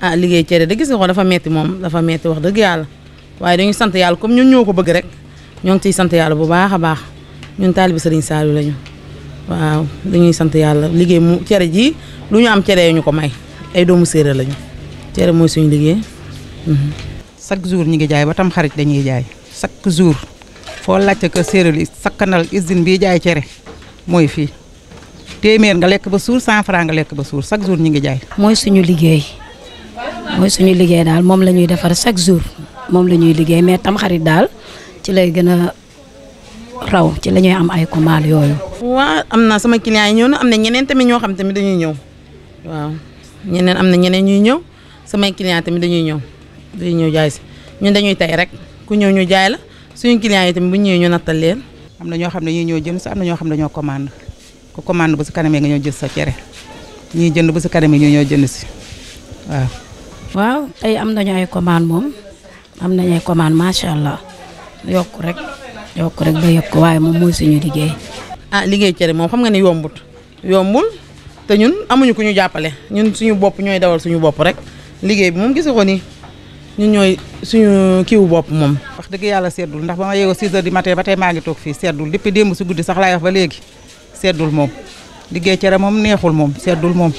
ah liggéey cere de gis nga dafa metti moom dafa metti wax dëgg yàlla waaye dañuy sant yàlla comme ñun ñoo ko bëgg rek ñoo ngi ciy sant yàlla bu baax ñun taalibi sëriñ Saliou lañu waaw dañuy sant yàlla liggéey mu cere ji lu ñu am cere ñu ko may ay doomu séeréer lañu cere mooy suñu liggéey. Mhm. chaque jour ñu ngi jaay ba tam dañuy jaay chaque jour foo laajte ko séeréer yi sakkanal usine jaay cere mooy fii téeméer nga lekk ba suur cent franc lekk ba suur chaque jour ñu ngi jaay. mooy suñu liggéey mooy liggéey daal moom la ñuy defar chaque jour moom la ñuy liggéey mais tam xarit daal ci lay gën a raw ci la ñuy am ay commandes yooyu. waaw am na sama client yi ñëw na am na ñeneen tamit ñoo xam tamit dañuy ñëw waaw ñeneen am na ñeneen ñuy ñëw sama client tamit dañuy ñëw dañuy ñëw jaay si ñun dañuy tey rek ku ñëw ñu jaay la suñu client yi tamit bu ñu ñëwee ñu nattal leen. am na ñoo xam ne ñuy ñëw jënd si am na ñoo xam ne dañoo commande ku commande bu si kanamee nga ñëw jël sa cere ñuy jënd bu si kanamee ñu ñëw jënd si waaw. waaw tey am nañu ay commande moom am nañu ay commande macha allah yokk rek. yokk rek ba yëpp ko waaye moom mooy suñu liggéey. ah liggéey cere moom xam nga ni yombut yombul te ñun amuñu ku ñu jàppale ñun suñu bopp ñooy dawal suñu bopp rek liggéey bi moom gis nga ko ni ñun ñooy suñu kiwu bopp moom. wax dëgg yàlla seddul ndax ba ma yeewoo 6 heures du ba tey maa ngi fii seddul depuis démb si guddi sax laay wax ba léegi seddul moom liggéey cere moom neexul moom seddul moom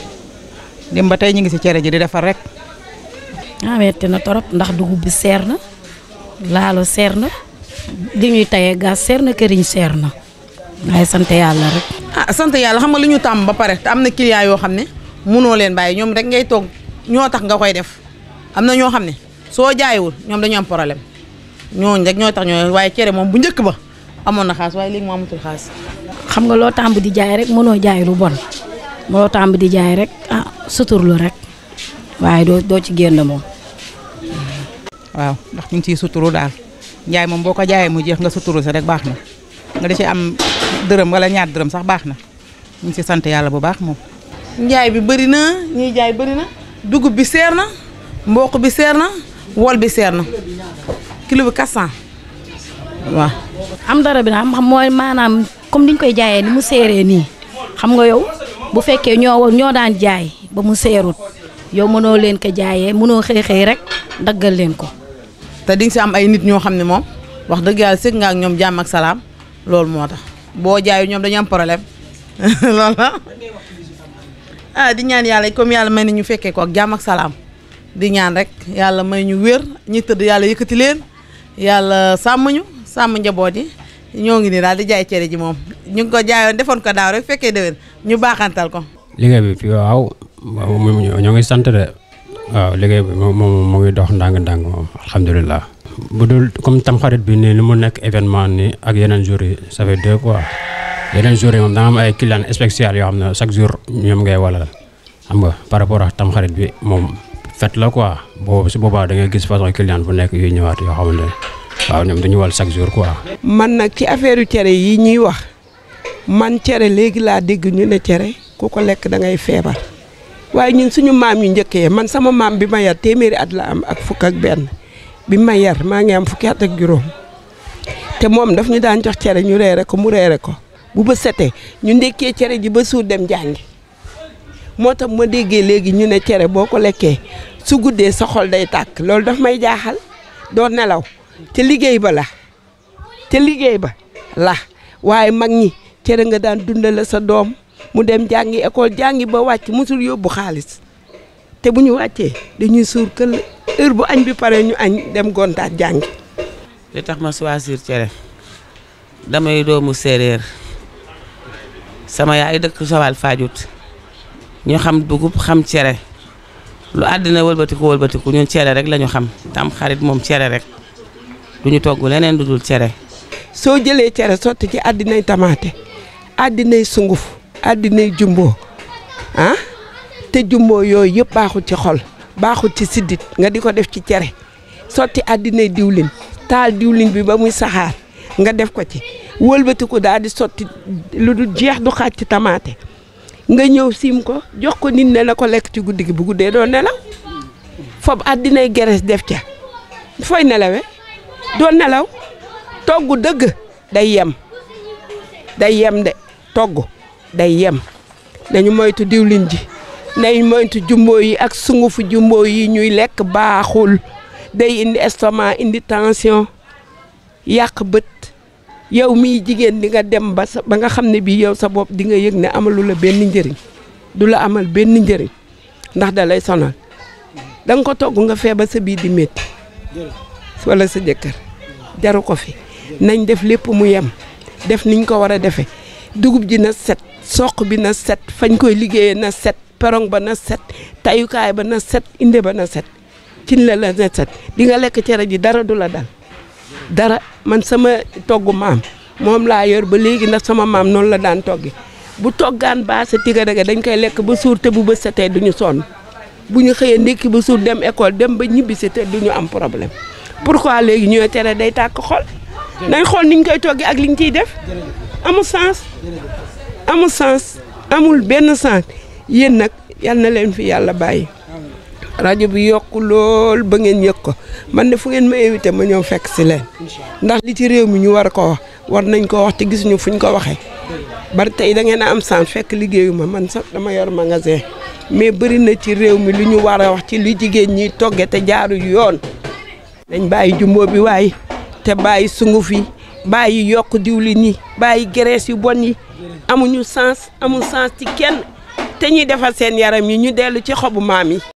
dem ba tey ñu ngi si cere ji di defar rek. ah metti na torop ndax dugub bi seer na laalo seer na. di ñuy tayee gas seer na këriñ seer na waaye sant yàlla rek. ah sant yàlla xam nga lu ñu tàmm ba pare te am na client yoo xam ne mënoo leen bàyyi ñoom rek ngay toog ñoo tax nga koy def am na ñoo xam ne soo jaayiwul ñoom dañu am problème ñooñu rek ñoo tax ñoo waaye cere moom bu njëkk ba amoon na xaas waaye léegi moo amatul xaas. xam nga loo tàmb di jaay rek mënoo jaay lu bon loo tàmb di jaay rek ah suturlu rek waaye doo doo ci génn moom. waaw ndax ñu ngi ciy suturu daal. njaay moom boo ko jaayee mu jeex nga suturu si rek baax na nga di ci am dërëm wala ñaar dërëm sax baax na ñu si sant yàlla bu baax moom. njaay bi bari na ñuy jaay bëri na dugub bi seer na mboq bi seer na wol bi seer na kilo bi 400 waaw. am dara bi nag mooy maanaam comme niñ koy jaayee ni mu seeree nii xam nga yow bu fekkee ñoo ñoo daan jaay ba mu seerut yow mënoo leen ko jaayee mënoo xëy xëy rek daggal leen ko. te di si am ay nit ñoo xam ne moom wax dëgg yàlla sëg nga ak ñoom jàmm ak salaam loolu moo tax boo jaayu ñoom dañu am problème loolu ah di ñaan yàlla comme yàlla may nañu fekkee ko ak jàmm ak salaam di ñaan rek yàlla may ñu wér ñu tëdd yàlla yëkkati leen yàlla sàmm ñu sàmm njaboot yi ñoo ngi nii daal di jaay cere ji moom ñu ngi ko jaayoon defoon ko daaw rek fekkee déwén ñu baaxantal ko. liggéey bi fii waaw waaw ñoo ngi sant de. waaw liggéey bi moom mu ngi dox ndànk-ndànk moom alhamdulilah. bu dul comme tamxarit bi nii li mu nekk événement nii ak yeneen jours yi ça fait deux quoi yeneen jours yi moom da am ay clients spécial yoo xam ne chaque jour ñoom ngay walal xam nga par rapport ak tamxarit bi moom fête la quoi boobu si boobaa da ngay gis façon client bu nekk yuy ñëwaat yoo xamante ne waaw ñoom dañu wal chaque jour quoi. man nag ci affaire yu cere yi ñuy wax man cere léegi laa dégg ñu ne cere ku ko lekk da ngay feebar. waaye ñun suñu maam yu njëkkee man sama maam bi ma yar téeméeri at la am ak fukk ak benn bi ma yar maa ngi am fukki at ak juróom te moom daf ñu daan jox cere ñu reere ko mu reere ko bu ba setee ñu ndekkee cere ji ba suur dem jàngi moo tax ma déggee léegi ñu ne cere boo ko lekkee su guddee sa xol day tàkk loolu daf may jaaxal doo nelaw te liggéey ba la te liggéey ba la waaye mag ñi cere nga daan la sa doom mu dem jàngi école jàngi ba wàcc musul yóbbu xaalis te bu ñu wàccee dañuy suur këll heure bu añ bi pare ñu añ dem gontaat jàngi. li tax ma choisir cere damay doo mu séeréer sama yaay dëkk sawal Fadiouth ñu xam dugub xam cere lu àddina wëlbatiku wëlbatiku ñun cere rek lañu xam tam moom cere rek du ñu togg leneen lu dul cere. soo jëlee cere sotti ci àddinay tamaate àddinay sunguf. àddinay jumbo ah te jumbo yooyu yëpp baaxul ci xol baaxul ci siddit nga di ko def ci cere sotti àddinay diwlin taal diwlin bi ba muy saxaar nga def ko ci wëlbati ko daal di sotti lu du jeex du xaaj ci tamaate nga ñëw siim ko jox ko nit ne na ko lekk ci guddi gi bu guddee doo nelaw fob àddinay gerees def ca fooy nelawe doo nelaw togg dëgg day yem day yem de togg day yem dañu moytu diwlin ji nañu moytu jumbo yi ak sungufu jumbo yi ñuy lekk baaxul day indi estomac indi tension yàq bët yow mi jigéen di nga dem ba sa ba nga xam ne bii yow sa bopp di nga yëg ne amalu la benn njëriñ du la amal benn njëriñ ndax da lay sonal da ko togg nga fee ba sa biir di métti wala sa jëkkër jaru ko fi nañ def lépp mu yem def niñ ko war a defee dugub ji na set soq bi na set fañ koy liggéeyee na set perong ba na set tayukaay ba na set inde ba na set cin la la na set di nga lekk cere ji dara du la dal dara man sama togg maam moom laa yor ba léegi nag sama maam noonu la daan toggi bu toggaan baase tigadege dañ koy lekk ba suur te bu bës setee du ñu sonn bu ñu xëyee ndékki ba suur dem école dem ba ñibbi si te du ñu am problème pourquoi léegi ñooy cere day tàkk xol nañ xool niñ koy toggi ak li liñ koy def amul amul sens amul benn sens yéen nag yal na leen fi yàlla bàyyi rajo bi yokk lool ba ngeen yëg ko man de fu ngeen ma invité ma ñëw fekk si leen ndax li ci réew mi ñu war ko wax war nañ ko wax te gisuñu ñu ko waxee bari tey da ngeen a am sens fekk liggéeyu ma man sax dama yor magasin mais bëri na ci réew mi lu ñu war a wax ci lu jigéen ñi togge te jaaru yoon dañ bàyyi jumbo bi waaye te bàyyi sungufi bàyyi yokk diwlin yi bàyyi graisse yu bon yi amuñu sens amul sens ci kenn te ñuy defar seen yaram yi ñu dellu ci xobu maam yi